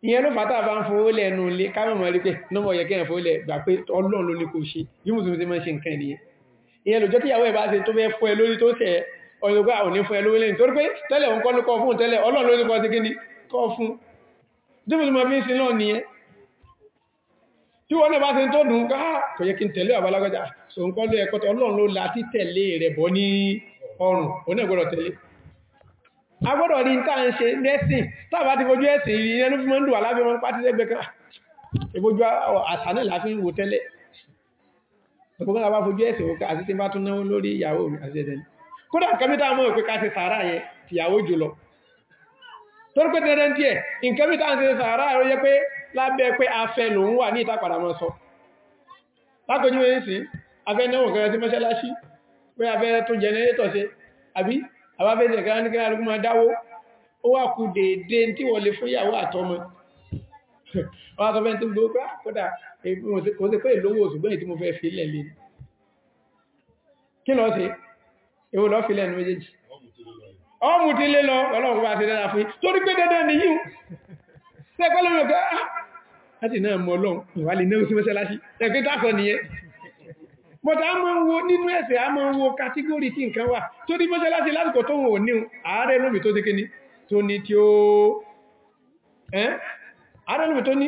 ìyẹn ló fàtà bá ń fowó lẹ́nu lé kámẹ́mọ̀ rí pé nọ́mọ̀ yẹ kẹ́yàn fowó lẹ̀ gbà pé ọlọ́run ló ní kò ṣe yí mùsùlùmí ti máa ń ṣe nǹkan ìnìyàn ìyẹn lòjọ́ tíyàwó ẹ̀ bá ṣe tó fẹ́ fọ́ ẹ lórí tó ṣẹ̀ ọlọ́gbà òní fún ẹlówó lẹ́yìn torí pé tẹ́lẹ̀ òun kọ́ ní kọ́ fún tẹ́lẹ̀ ọlọ́run ló ní kọ́ sí kí ni kọ́ fún dúbùdú ma fi ń sin náà nìyẹn tí wọ́n náà bá ṣe tó dùn ká kò yẹ kí n tẹ̀lé àbálágbájá so ń kọ́ ló ẹ̀kọ́ ọlọ́run ló la tí tẹ̀lé rẹ̀ bọ́ ní ọrùn òun ẹ̀gbọ́dọ̀ tẹ̀lé a gbọ́dọ̀ ní tá à ń ṣe lẹ́sìn tábà ti fojú ẹ̀sìn rí ẹnu fi máa ń dùn aláfẹ́ wọn pátí lẹ́gbẹ́ kan ìfojú àṣà náà láfi ń wò tẹ́lẹ̀ ọ̀pọ̀ kan bá fojú ẹ̀sìn wò ká àti tí bá tún náwó lórí ìyàwó àti ẹ̀dẹ̀ni kódà nǹkan mítà mọ́ ìpé ká ṣe sàárà yẹn tìyàwó jùlọ torí pé tẹ́rẹ́ tí ẹ̀ nǹkan mítà ń ṣe sàárà rẹ̀ yẹ pé lábẹ́ pé afẹ́ lòun wà ní ìtàpàdà mọ́ sọ lákòójú ẹ̀ sí afẹ́ náà kẹrẹ sí mọ́ṣáláṣí pé afẹ́ tó jẹnẹrétọ̀ ṣe àbí àbáfẹ́ ṣe kẹrẹ ní kẹrẹ arúgbó máa dáwó ó wà kú déédéé tí wọ́n lè fún ìyàwó àtọmọ wọ́n á sọ ah, fẹ́ tó kí lọ èwo lọ fi lẹ́nu méjèèjì ọmù tí lé lọ ọlọ́run bá ṣe dára fún torí pé dandan ni yíò tẹ́pẹ́ lórí ọ̀gá ah! láti náà mọ́ ọlọ́run ìwà lè náà sí mọ́ṣáláṣí ẹgbẹ́ tásọ nìyẹn but a máa ń wo nínú ẹ̀sẹ̀ a máa ń wo kàtígórì tí nǹkan wà torí mọ́ṣáláṣí lásìkò tó wọn ò ní ààrẹ lómi tó dékíní tó ní tí ó ààrẹ lómi tó ní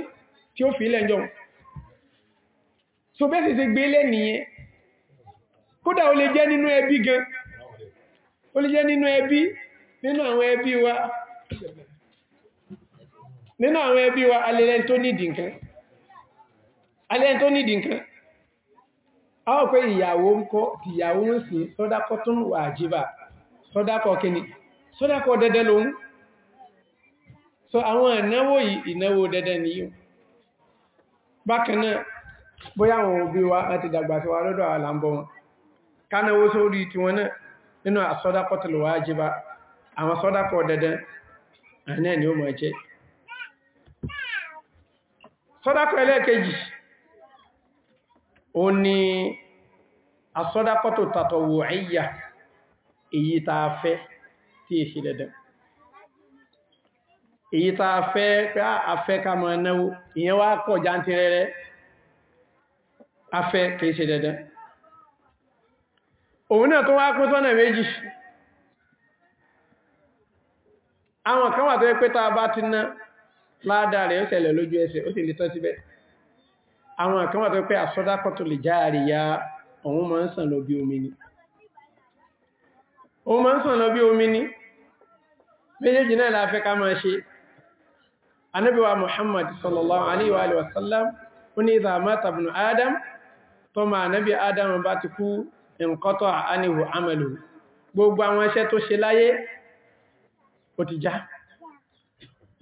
tí ó fi ilẹ̀ jọ so bẹ́ẹ̀ sì ṣe gbé lẹ́nìyẹn kódà ó lè jẹ́ nínú ẹbí gan ó nínú ẹbí nínú àwọn ẹbí wa nínú àwọn ẹbí wa alẹ́lẹ́n tó nìdì nǹkan alẹ́lẹ́n tó pé ìyàwó ń kọ́ ìyàwó ń sí sọ́dákọ́ tó ń wà àjíbà sọ́dákọ́ kíni sọ́dákọ́ dẹ́dẹ́ lóhun so àwọn ìnáwó yìí ìnáwó dẹ́dẹ́ ni yíò bákan bóyá àwọn òbí wa àti dàgbàsíwá lọ́dọ̀ àlàmbọ̀ wọn kánáwó sórí náà nínú àsọ́dákọ́tìlù wájíbà àwọn sọ́dákọ̀ dandan àná ni ó mọ̀ jẹ́ sọ́dákọ̀ ẹlẹ́ẹ̀kejì ó ní àsọ́dákọ́tò tàtọ̀wò àyíyà èyí tàà fẹ́ tí è ṣe dandan èyí tàà fẹ́ pé àfẹ́ ká mọ̀ náwó ìyẹn wá pọ̀ jántí rẹ̀rẹ̀ afẹ́ kìí ṣe dandan òun náà tó wá kún sọ́nà méjì àwọn kan wà tó yẹ pé tá bá ti ná ládàá rẹ̀ ó ṣẹlẹ̀ lójú ẹsẹ̀ ó sì lè tán síbẹ̀ àwọn kan wà tó yẹ pé àsọdákọ́tò lè já àríyá òun máa ń sàn lọ bí omi ni ó máa ń sàn lọ bí omi ni méjèèjì náà la ká máa ṣe Ànábì Muhammad sallallahu alaihi wa alihi wasallam ó ní idha Adam tó máa Ànábì Adam bá ti kú ìrùnkọ́tọ̀ àníwò àmẹ́lò gbogbo àwọn iṣẹ́ tó ṣe láyé ó ti já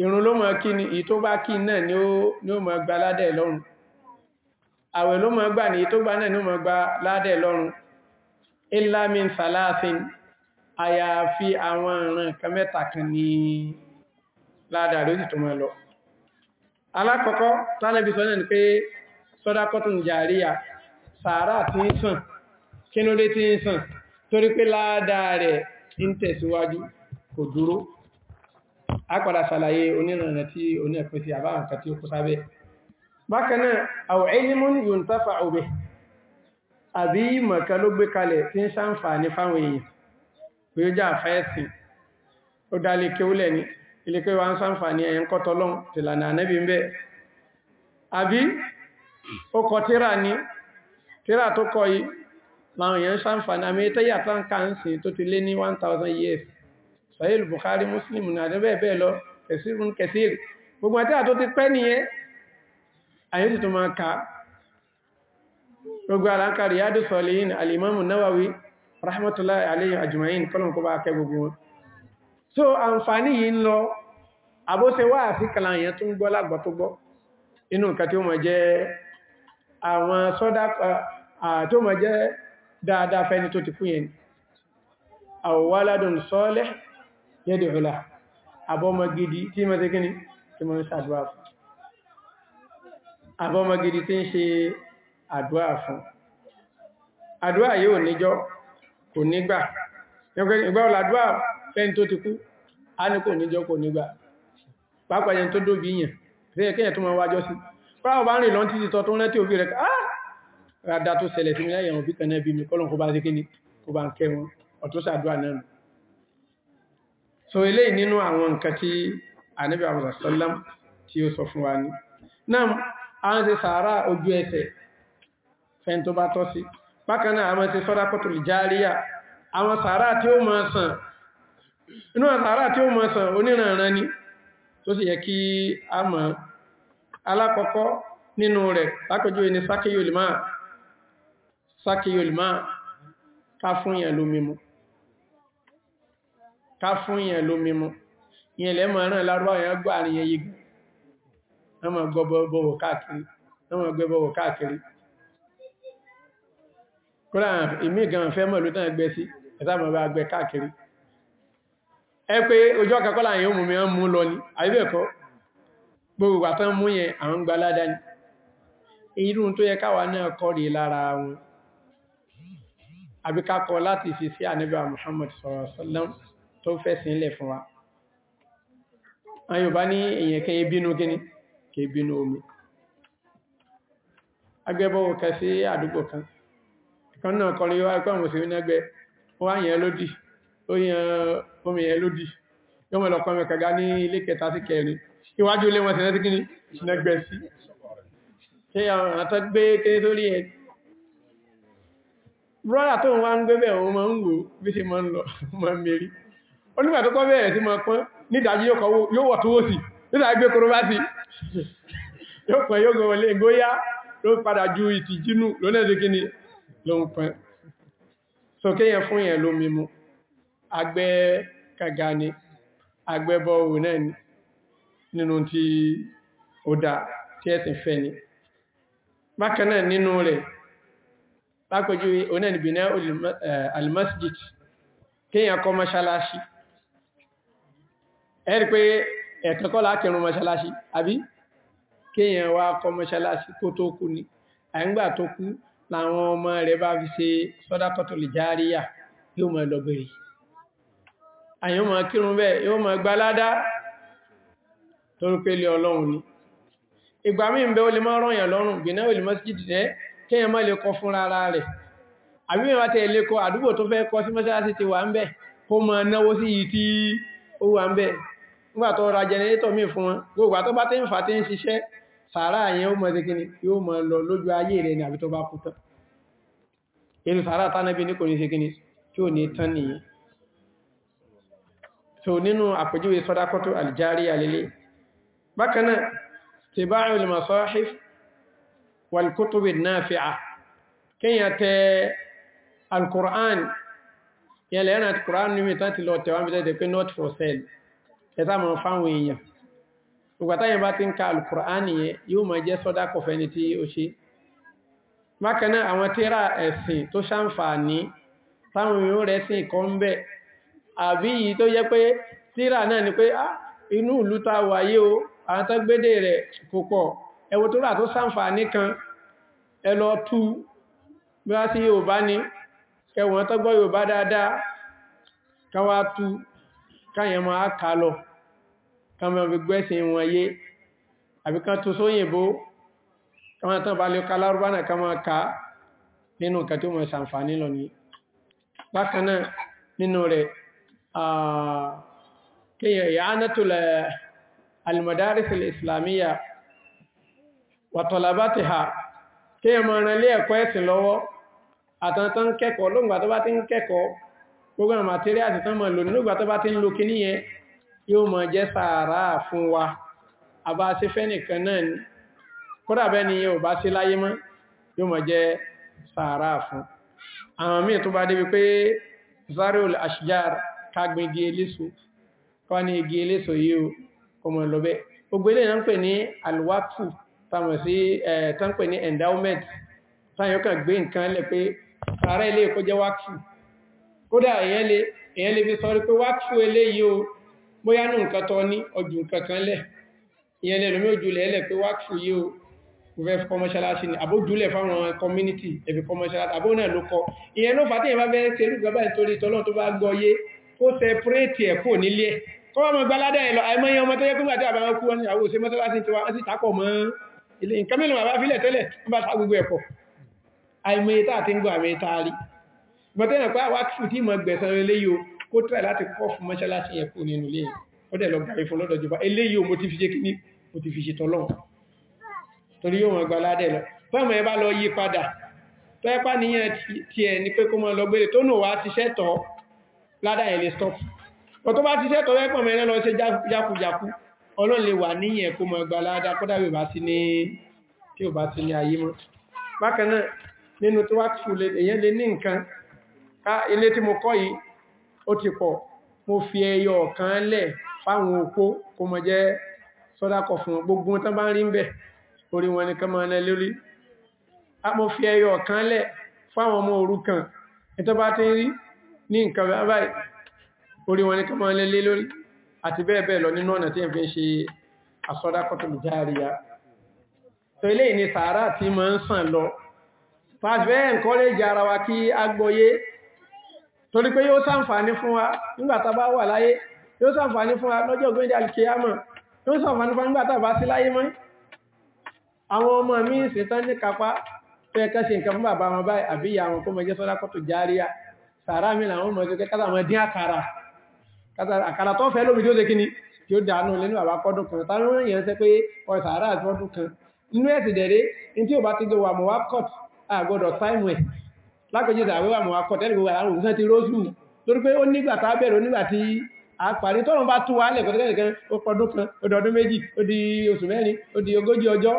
ìrun ló mọ̀ kí ni èyí tó bá kí náà ni ó mọ̀ gba ládẹ̀ lọ́rùn àwẹ̀ ló mọ̀ gbà ní èyí tó gbà náà ni ó mọ̀ gba ládẹ̀ lọ́rùn illa min salasin àyàfi àwọn ìran kan mẹ́ta kan ní ládàá ló tó mọ̀ lọ alákọ̀ọ́kọ́ tánàbí sọ náà ni pé sọ́dákọ́tùn jàríyà sàárà tí ń sàn kí tí ń sàn torí pé ládàá rẹ̀ ń tẹ̀síwájú kò dúró a padà ṣàlàyé onírànà tí oníẹ̀pẹ́ sí àbáhàn tí ó kó sábẹ́ bákanáà aw ilmun yuntafa'u bihi àbí mọ̀ká ló gbé kalẹ̀ tí ń sàǹfààní fáwọn èèyàn ní tíra tó kọ láwọn èèyàn ṣàǹfààní àmì tẹ́yà tán káànsì tó ti lé ní 1000 years sahel bukhari muslim ní àdẹ́bẹ̀ẹ́ bẹ́ẹ̀ lọ kẹsìrún kẹsìrì gbogbo àti àtó ti pẹ́ nìyẹn àyẹ́sì tó máa ka gbogbo aláǹkà riyadu solihin alimamu nawawi rahmatullahi alayhi ajma'in kọlọ̀n kó bá so àǹfààní yìí ń lọ àbóse wá àfi kàlàyàn tó ń gbọ́ lágbà tó gbọ́ inú nǹkan tí ó dáadáa fẹ́ni tó ti kú yẹn aw waladun salih yad'u lahu àbọ́mọ gidi tí mọ́ sí kíní tí mọ́ ń ṣàdúrà fún àbọ́mọ gidi tí ń ṣe àdúrà fún àdúrà yóò níjọ́ kò nígbà ìgbà ọ̀làdúrà fẹ́ni tó ti kú a ní kò níjọ́ kò nígbà pàápàá yẹn tó rádá tó ṣẹlẹ̀ sí mi láyẹ̀ wọn bí kan náà bí mi kọ́lọ̀ kó bá sí kíní kó bá ń kẹ́ wọn ọ̀tún sàdúrà náà nù so eléyìí nínú àwọn nǹkan tí ànábì àwọn sàlám tí ó sọ fún wa ní náà a ń ṣe sàárà ojú ẹsẹ̀ fẹ́n tó bá tọ́ sí bákan náà ni tó sì sákì yóò lè máa ká fún yẹn ló mímú ká fún yẹn ló mímú ìyẹn lẹ́ mọ̀ ràn lárúbá yẹn gbà ní yẹn yìí wọ́n mọ̀ gbọ́bọ̀wọ̀ káàkiri wọ́n mọ̀ gbẹ́bọ̀wọ̀ káàkiri kúrò ìmí gan fẹ́ mọ̀ ló tán gbẹ́ sí ẹ̀sàmọ̀ bá gbẹ́ káàkiri ẹ pé ojú ọkàkọ́lá yẹn ó mú mi ń mú lọ ní àbíbẹ̀kọ́ gbogbo àtán mú yẹn àwọn gbaládá ní irú tó yẹ káwà náà àbí ká kọ́ láti fi sí àníbà Muhammad sallallahu alaihi wasallam tó fẹ́sìn ilẹ̀ fún wa ayò bá ní èyàn kẹ́ bínú gíní kẹ́ bínú omi agbẹ́bọ̀ kẹ́ sí àdúgbò kan ìkan náà kọ́ lóyọ́ ẹgbẹ́ mùsùlùmí nẹ́gbẹ́ wọ́n yẹn lódì omi yẹn lódì yọ́mọ̀ ẹlọ́kọ́ brọ́dà tó wá ń gbẹ́bẹ̀ wọn máa ń wò bí ṣe máa ń lọ máa ń mérí onígbà tó kọ́ bẹ̀rẹ̀ sí máa pọ́n nídàájí yóò wọ̀ tó wó sí nígbà gbé koro bá ti yóò pọ́n yóò gọ̀wọ̀lé góyá ló ni àgbẹ̀ bọ́wò náà ni nínú tí ó lápẹjúwé onáni bìnà eh, almasjid kíyàn kọ́ mọ́ṣálásí ẹ̀rí pé ẹ̀kankọ́ lákẹrún mọ́ṣálásí àbí kíyàn wá kọ́ mọ́ṣálásí kó tó kú ni àyíngbà tó kú láwọn ọmọ rẹ̀ bá fi ṣe sọ́dákọ́tò lè járíyà yóò mọ̀ lọ́bẹ̀rẹ̀ àyíò mọ̀ kírun bẹ́ẹ̀ yóò mọ̀ gbaládá mọ́ rọ̀yàn kí ẹ mọ́ lè kọ́ fúnra ara rẹ̀ àbí mẹ́wàá tẹ́ lè kọ́ àdúgbò tó fẹ́ kọ́ sí mọ́sálásí ti wà ń bẹ̀ kó mọ́ náwó sí yìí tí ó wà ń bẹ̀ nígbà tó ra jẹnẹrétọ̀ míì fún wọn gbogbo àtọ́ bá ti ń fà ti ń ṣiṣẹ́ sàárà yẹn ó mọ́ sí kíni yóò mọ́ wàlkútùbì náàfíà kíyà tẹ alkùrán yẹlẹ̀ yẹn àti kùrán ní mìtán ti lọ tẹwàá mìtán tẹ pé not for sale ẹta mọ̀ fáwọn èèyàn ìgbàtá yẹn bá ti ń ka alkùrán yẹn yóò máa jẹ́ sọ́dá kọfẹ́ ní tí ó ṣe bákanáà àwọn tíra ẹ̀sìn tó ṣàǹfààní táwọn èèyàn rẹ̀ sìn kọ́ ń bẹ̀ àbí yìí tó yẹ pé tíra náà ni pé inú ìlú ta wáyé o àwọn tó gbédè rẹ̀ kò pọ̀ ẹwọ tó rà tó sàǹfààní kan ẹlọ tú bí wá sí Yorùbá ni ẹwọ̀n tó gbọ́ Yorùbá dáadáa káwá tú káyẹn máa kà lọ káwọn fi gbẹ́sìn wọn yé àbí kan tó sóyìnbó káwọn tán bá lè ka lárúbá náà ká máa ka wàtọ̀làbá ti ha kí ẹmọ rẹ̀ lé ẹ̀kọ́ ẹ̀sìn lọ́wọ́ àtàntàn kẹ́kọ̀ọ́ lóògbà tó bá ti ń kẹ́kọ̀ọ́ gbogbo àwọn àtírí àti tán máa lò nígbà tó bá ti ń lo kí níyẹn yóò máa jẹ́ sàárà fún wa àbá sí fẹ́ nìkan náà ni kódà ni ò bá sí láyé mọ́ yóò máa jẹ́ sàárà fún gbogbo eléyìí náà ń pè ní alwatu tàmù sí tánpẹ̀ ní endowment táyọ́ kan gbé nǹkan lẹ pé sàárẹ́ ilé kó jẹ́ wákìfù kódà èyàn lè fi sọ rí pé wákìfù ilé yìí o bóyá ní nǹkan tọ́ ní ọjù nǹkan kan lẹ̀ ìyẹn lè lómi òjúlẹ̀ lẹ̀ pé wákìfù yìí fẹ́ kọmọṣálásí ni àbójúlẹ̀ fáwọn community ẹ̀fẹ́ kọmọṣálásí àbó náà ló kọ ìyẹn ló fàtí ìyẹn bá fẹ́ ṣe rúgbàbá ìtorí ìtọ́lọ́ tó bá gọyé kó separate ẹ̀ kò nílé kọ́wọ́ mọ̀ gbáládà ẹ̀ lọ àìmọ́yẹ ilé nǹkan mẹ́lùm àbá fílẹ̀ tẹ́lẹ̀ wọ́n bá ta gbogbo ẹ̀pọ̀ àìmọye tá àti ń gbọ́ àmì ta rí gbọ́tẹ́nà pé àwọn akífù tí mọ̀ gbẹ̀sán eléyò kó tẹ̀ láti kọ́ fún mọ́ṣáláṣí yẹn kú nínú ilé ó dẹ̀ lọ gàrí fún lọ́dọ̀ jọba eléyò mo ti fi ṣe kí ní mo ti fi ṣe tọ́lọ́ torí yóò mọ̀ gbaládẹ̀ lọ fẹ́mọ̀ ẹ bá lọ yí padà tọ́ ẹ́pá níyàn ti ẹ̀ ní pé kó mọ́ lọ gbére tó nù wá ti ṣẹ́tọ̀ ládà ẹ̀ lè stop ọlọ́run lè wà níyẹn kó mọ̀ gbalada kódà bí bá sí ní tí ò bá sí ní ayé mọ́ bákan nínú tó wá tù lè èyàn lè ní nǹkan ká ilé tí mo kọ́ yìí ó ti pọ̀ mo fi ẹyọ kan lẹ̀ fáwọn opó kó mọ̀ jẹ́ sọ́dákọ̀ fún gbogbo tán bá rí ń bẹ̀ orí wọn ni kán máa lẹ ni kán máa lẹ lórí àti bẹ́ẹ̀ bẹ́ẹ̀ lọ nínú ọ̀nà tí ń fi ṣe asọ́dákọ́tùlù járíyá so ilé ìní sàárà tí ma ń sàn lọ pàṣẹ encourage ara wa kí a gbọ́yé torí pé yóò ṣàǹfààní fún wa nígbàtà bá wà láyé yóò ṣàǹfààní fún wa lọ́jọ́ gbẹ́ndẹ̀ alkiyama kapa fẹ́ kẹ́ ṣe nǹkan fún bàbá wọn báyìí àbí ìyá wọn kó mọ jẹ́ sọ́dákọ́tù járíyá sàárà mi làwọn mọ̀ àkàrà tó fẹ́ lómi tí ó ṣe kíni tí ó dànù lẹ́nu àwa kọ́dún kan táwọn èèyàn ṣe pé ọ̀rẹ́ sàárà àti ọdún kan inú ẹ̀sìn dẹ̀rẹ́ ní tí ò bá ti jọ wà mọ̀ wá court àgbọ̀dọ̀ táìmù ẹ̀ lápẹjẹ sàárà wà mọ̀ wá court ẹ̀rẹ́ àwọn òṣìṣẹ́ ti rósù torí pé ó nígbà tá bẹ̀rẹ̀ onígbà tí a parí tọ́run bá tú wa lẹ̀ kọ́tẹ́kẹ́nìkan ó pọdún kan ó di ọdún méjì ó di oṣù mẹ́rin ó di ogójì ọjọ́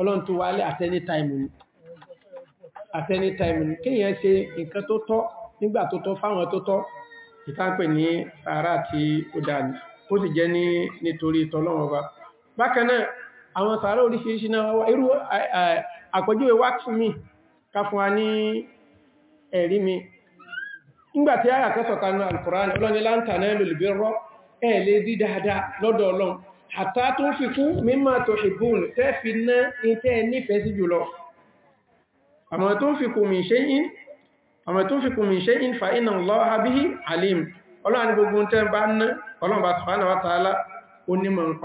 ọlọ́run tú wa lẹ̀ at any time ni at any time ni kéèyàn ṣe nǹkan tó tọ́ nígbà tó tọ́ fáwọn tó tọ́ ìtànpè ní sàárà tí ó dáa ní ó sì jẹ́ ní nítorí tọ́lọ́run bákanáà àwọn sàárà oríṣiríṣi náà wá irú àpẹjúwe wá tún mí ká fún wa ní ẹ̀rí mi nígbàtí àyà kan sọ̀kanu alkùránì ọlọ́ni láǹtàná lòlùbí rọ́ ẹ̀ lè rí dáadáa lọ́dọ̀ ọlọ́run àtà tó ń fi kún mímọ̀ tó ìbùn tẹ́ fi ọmọ tó fi kùnmí ṣe ń fa iná lọ àbíhí alim ọlọ́run gbogbo tẹ́ bá ń ná ọlọ́run bá sọ̀rọ̀ onímọ̀ ń pa